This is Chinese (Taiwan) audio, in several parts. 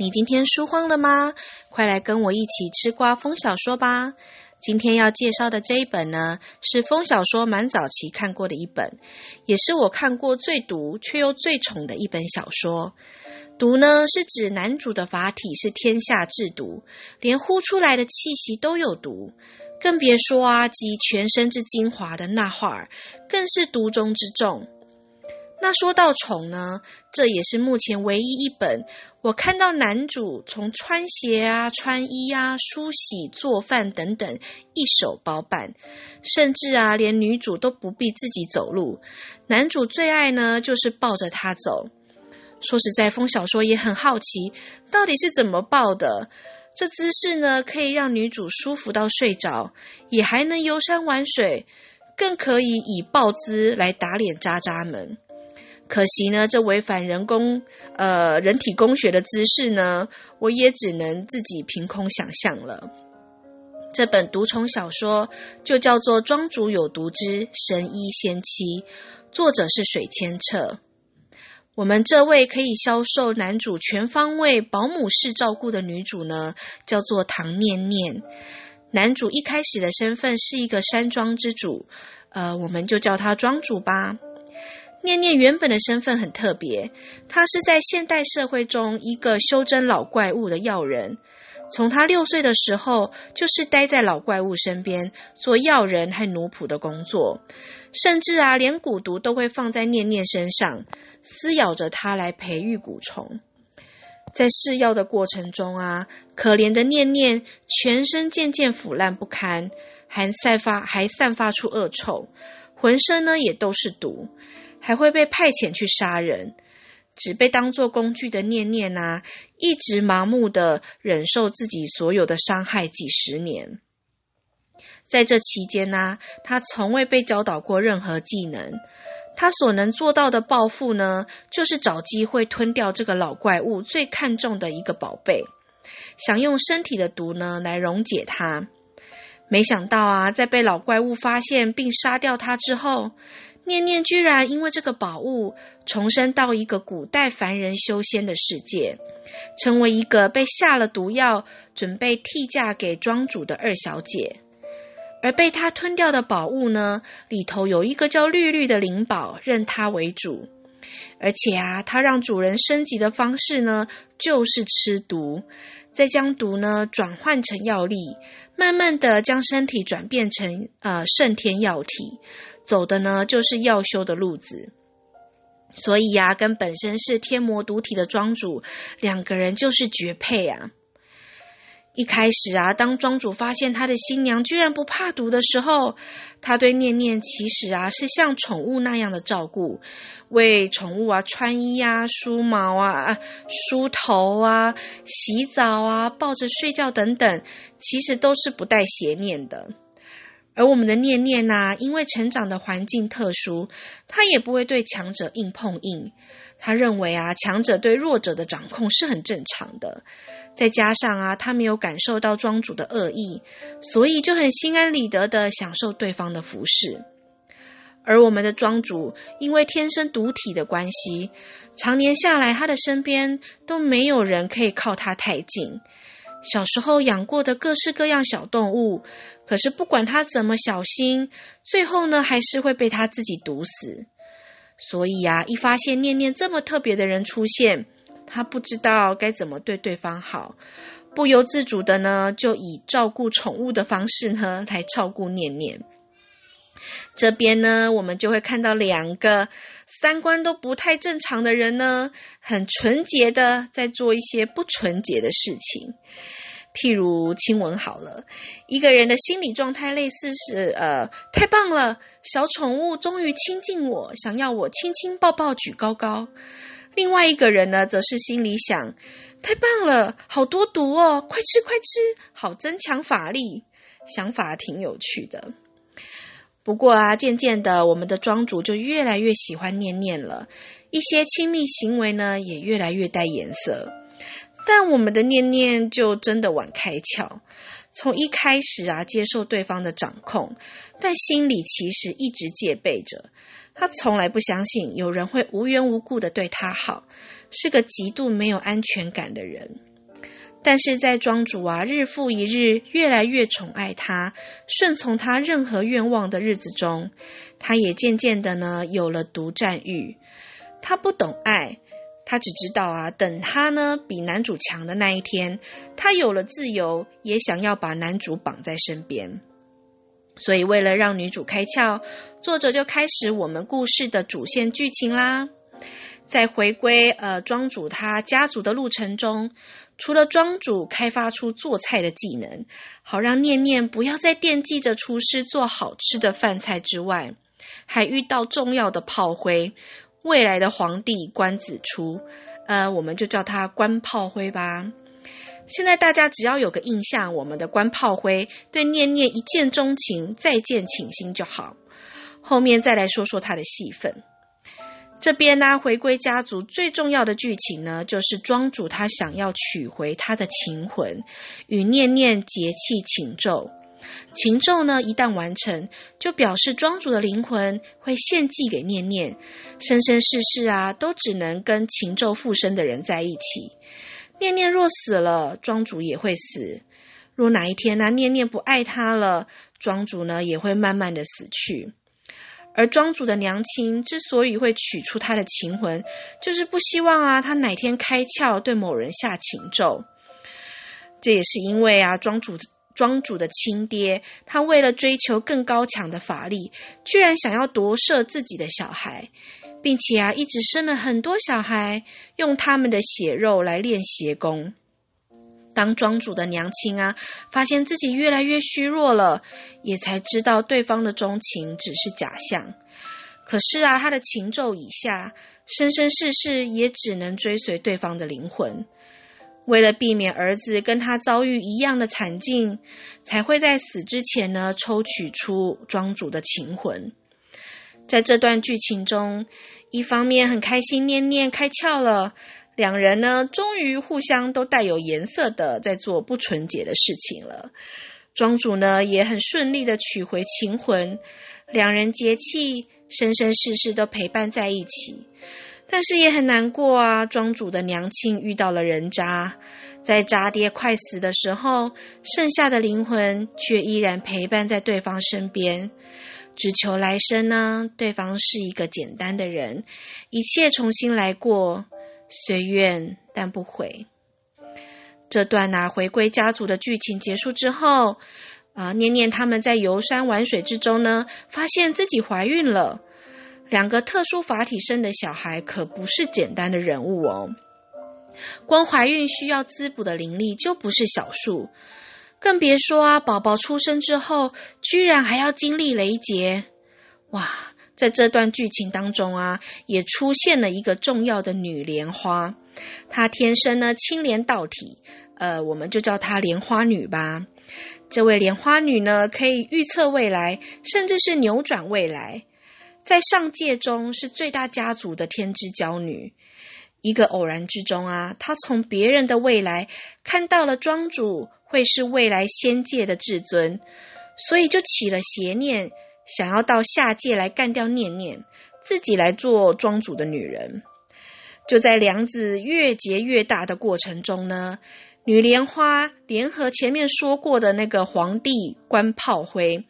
你今天書荒了嗎？快來跟我一起吃瓜瘋小說吧！今天要介紹的這一本呢，是瘋小說蠻早期看過的一本，也是我看過最毒卻又最寵的一本小說。毒呢是指男主的法體是天下至毒，連呼出來的氣息都有毒，更別說啊，集全身之精華的那話兒，更是毒中之重。那說到寵呢，這也是目前唯一一本我看到男主從穿鞋啊、穿衣啊、梳洗、做飯等等一手包辦，甚至啊連女主都不必自己走路。男主最愛呢就是抱着她走。說實在，風小說也很好奇，到底是怎麼抱的？這姿勢呢可以讓女主舒服到睡着，也還能遊山玩水，更可以以抱姿來打臉渣渣們。可惜呢，這違反人工呃人體工學的姿勢呢，我也只能自己憑空想象了。這本毒寵小說就叫做《莊主有毒之神醫仙妻》，作者是水千澈。我們這位可以銷售男主全方位保姆式照顧的女主呢，叫做唐念念。男主一開始的身份是一個山莊之主，呃，我們就叫他莊主吧。念念原本的身份很特別，她是在現代社會中一個修真老怪物的藥人。從她六歲的時候，就是待在老怪物身邊做藥人和奴僕的工作，甚至啊，連蠱毒都會放在念念身上，撕咬着他來培育蠱蟲。在試藥的過程中啊，可憐的念念全身漸漸腐爛不堪，還散發還散發出惡臭，渾身呢也都是毒。還會被派遣去殺人，只被當做工具的念念啊，一直盲目的忍受自己所有的傷害幾十年。在這期間呢、啊，他從未被教導過任何技能。他所能做到的報復呢，就是找機會吞掉這個老怪物最看重的一個寶貝，想用身體的毒呢來溶解它。沒想到啊，在被老怪物發現並殺掉他之後，念念居然因為這個寶物重生到一個古代凡人修仙的世界，成為一個被下了毒藥、準備替嫁給莊主的二小姐。而被她吞掉的寶物呢，裡頭有一個叫綠綠的靈寶，認她為主。而且啊，她讓主人升級的方式呢，就是吃毒，再將毒呢轉換成藥力，慢慢的將身體轉變成呃聖天藥體。走的呢，就是要修的路子，所以呀、啊，跟本身是天魔毒體的莊主，兩個人就是絕配啊！一開始啊，當莊主發現他的新娘居然不怕毒的時候，他對念念其實啊是像寵物那樣的照顧，為寵物啊穿衣啊、梳毛啊、啊梳頭啊、洗澡啊、抱着睡覺等等，其實都是不帶邪念的。而我們的念念啊，因為成長的環境特殊，他也不會對強者硬碰硬。他認為啊，強者對弱者的掌控是很正常的。再加上啊，他沒有感受到莊主的惡意，所以就很心安理得地享受對方的服侍。而我們的莊主，因為天生毒體的關係，常年下來，他的身邊都沒有人可以靠他太近。小時候養過的各式各樣小動物。可是不管他怎麼小心，最後呢，還是會被他自己毒死。所以啊，一發現念念這麼特別的人出現，他不知道該怎麼對對方好，不由自主的呢，就以照顧寵物的方式呢，來照顧念念。這邊呢，我們就會看到兩個三觀都不太正常的人呢，很純潔的在做一些不純潔的事情。譬如親吻好了，一個人的心理狀態類似是，呃，太棒了，小寵物終於親近我，想要我親親抱抱舉高高。另外一個人呢，則是心裡想，太棒了，好多毒哦，快吃快吃，好增強法力。想法挺有趣的。不過啊，漸漸的，我們的莊主就越來越喜歡念念了，一些親密行為呢，也越來越帶顏色。但我們的念念就真的晚開竅，從一開始啊，接受對方的掌控，但心裡其實一直戒備着。他從來不相信有人會無緣無故的對他好，是個極度沒有安全感的人。但是在莊主啊日復一日越來越寵愛他、順從他任何願望的日子中，他也漸漸的呢有了獨占欲。他不懂愛。他只知道啊，等他呢比男主強的那一天，他有了自由，也想要把男主綁在身邊。所以，為了讓女主開竅，作者就開始我們故事的主線劇情啦。在回歸，呃，莊主他家族的路程中，除了莊主開發出做菜的技能，好讓念念不要再惦記着廚師做好吃的飯菜之外，還遇到重要的炮灰。未來的皇帝關子初，呃，我們就叫他關炮灰吧。現在大家只要有個印象，我們的關炮灰對念念一見鍾情，再見傾心就好。後面再來說說他的戲份。這邊呢、啊，回歸家族最重要的劇情呢，就是莊主他想要取回他的情魂，與念念結契情咒。情咒呢，一旦完成，就表示莊主的靈魂會獻祭給念念，生生世世啊，都只能跟情咒附身的人在一起。念念若死了，莊主也會死。若哪一天呢，念念不愛他了，莊主呢，也會慢慢的死去。而莊主的娘親之所以會取出他的情魂，就是不希望啊，他哪天開竅對某人下情咒。這也是因為啊，莊主。莊主的親爹，他為了追求更高強的法力，居然想要奪舍自己的小孩，並且啊，一直生了很多小孩，用他們的血肉來練邪功。當莊主的娘親啊，發現自己越來越虛弱了，也才知道對方的鍾情只是假象。可是啊，他的情咒已下，生生世世也只能追隨對方的靈魂。為了避免兒子跟他遭遇一樣的慘境，才會在死之前呢，抽取出莊主的情魂。在這段劇情中，一方面很開心，念念開竅了，兩人呢終於互相都帶有顏色的在做不純潔的事情了。莊主呢也很順利的取回情魂，兩人結契，生生世世都陪伴在一起。但是也很難過啊！莊主的娘親遇到了人渣，在渣爹快死的時候，剩下的靈魂卻依然陪伴在對方身邊，只求來生呢，對方是一個簡單的人，一切重新來過，隨願但不悔。這段啊，回歸家族的劇情結束之後，啊，念念他們在遊山玩水之中呢，發現自己懷孕了。兩個特殊法體生的小孩可不是簡單的人物哦，光懷孕需要滋補的靈力就不是小數，更別說啊，寶寶出生之後居然還要經歷雷劫，哇！在這段劇情當中啊，也出現了一個重要的女蓮花，她天生呢青蓮道體，呃，我們就叫她蓮花女吧。這位蓮花女呢，可以預測未來，甚至是扭轉未來。在上界中是最大家族的天之驕女，一個偶然之中啊，她從別人的未來看到了莊主會是未來仙界的至尊，所以就起了邪念，想要到下界來幹掉念念，自己來做莊主的女人。就在梁子越結越大的過程中呢，女蓮花聯合前面說過的那個皇帝，關炮灰，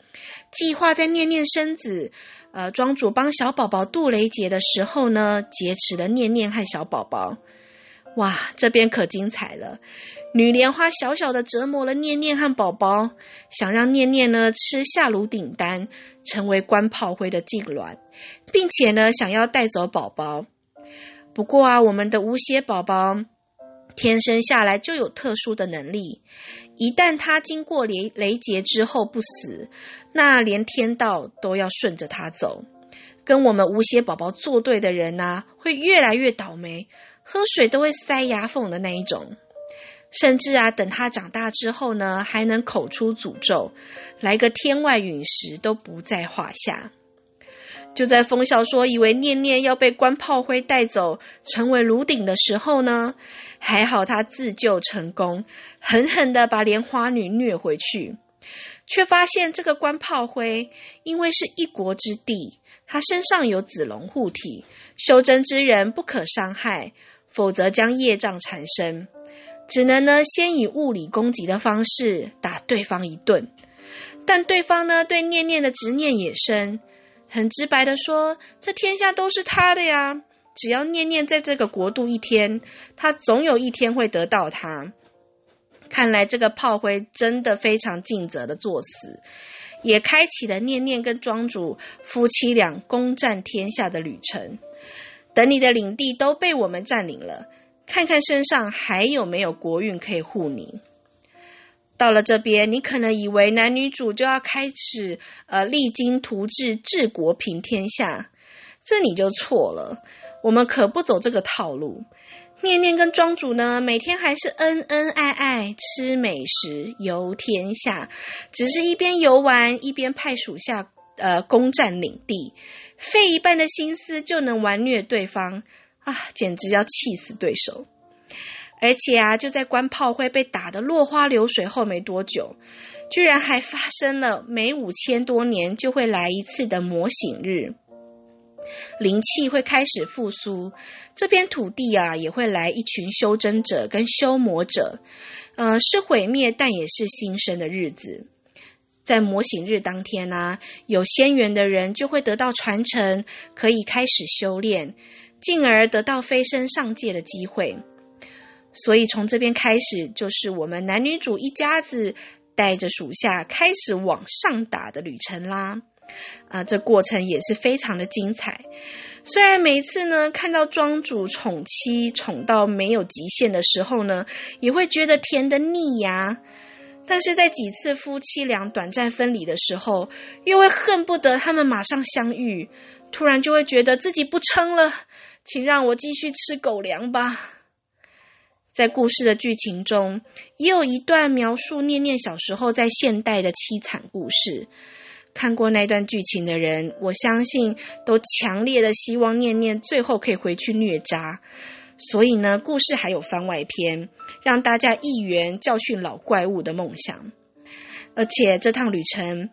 計劃在念念生子。呃，莊主幫小寶寶渡雷劫的時候呢，劫持了念念和小寶寶。哇，這邊可精彩了！女蓮花小小的折磨了念念和寶寶，想讓念念呢吃下爐鼎丹，成為關炮灰的痙攣，並且呢想要帶走寶寶。不過啊，我們的巫邪寶寶天生下來就有特殊的能力，一旦他經過雷雷劫之後不死，那連天道都要順着他走，跟我們無邪寶寶作對的人呢、啊，會越來越倒霉，喝水都會塞牙縫的那一種。甚至啊，等他長大之後呢，還能口出詛咒，來個天外隕石都不在話下。就在風笑說以為念念要被關炮灰帶走，成為爐鼎的時候呢，還好他自救成功，狠狠的把蓮花女虐回去。卻發現這個官炮灰，因為是一國之地，他身上有紫龍護體，修真之人不可傷害，否則將業障產生。只能呢，先以物理攻擊的方式打對方一頓。但對方呢，對念念的執念也深，很直白的說：“這天下都是他的呀，只要念念在這個國度一天，他總有一天會得到他。”看來這個炮灰真的非常盡責的作死，也開啟了念念跟莊主夫妻倆攻占天下的旅程。等你的領地都被我們佔領了，看看身上還有沒有國運可以護你。到了這邊，你可能以為男女主就要開始呃勵精圖治、治國平天下，這你就錯了。我們可不走這個套路。念念跟莊主呢，每天還是恩恩愛愛，吃美食，遊天下。只是一邊遊玩，一邊派屬下呃攻占領地，費一半的心思就能完虐對方啊，簡直要氣死對手。而且啊，就在關炮灰被打得落花流水後沒多久，居然還發生了每五千多年就會來一次的魔醒日。靈氣會開始復甦，這片土地啊也會來一群修真者跟修魔者，嗯、呃，是毀滅，但也是新生的日子。在模型日當天呢、啊，有仙緣的人就會得到傳承，可以開始修煉，進而得到飛升上界的機會。所以從這邊開始，就是我們男女主一家子帶着屬下開始往上打的旅程啦。啊，這過程也是非常的精彩。雖然每一次呢看到莊主寵妻寵到沒有極限的時候呢，也會覺得甜得膩呀、啊。但是在幾次夫妻倆短暫分離的時候，又會恨不得他們馬上相遇，突然就會覺得自己不撐了，請讓我繼續吃狗糧吧。在故事的劇情中，也有一段描述念念小時候在現代的淒慘故事。看過那段劇情的人，我相信都強烈的希望念念最後可以回去虐渣。所以呢，故事還有番外篇，讓大家一圓教訓老怪物的夢想。而且這趟旅程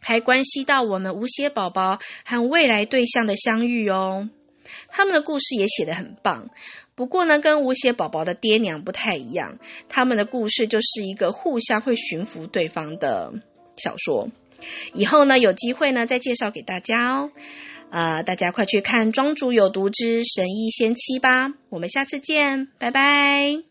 還關係到我們吳邪寶寶和未來對象的相遇哦。他們的故事也寫得很棒，不過呢，跟吳邪寶寶的爹娘不太一樣，他們的故事就是一個互相會馴服對方的小說。以後呢，有機會呢再介紹給大家哦。呃，大家快去看《莊主有毒之神醫仙妻》吧。我們下次見，拜拜。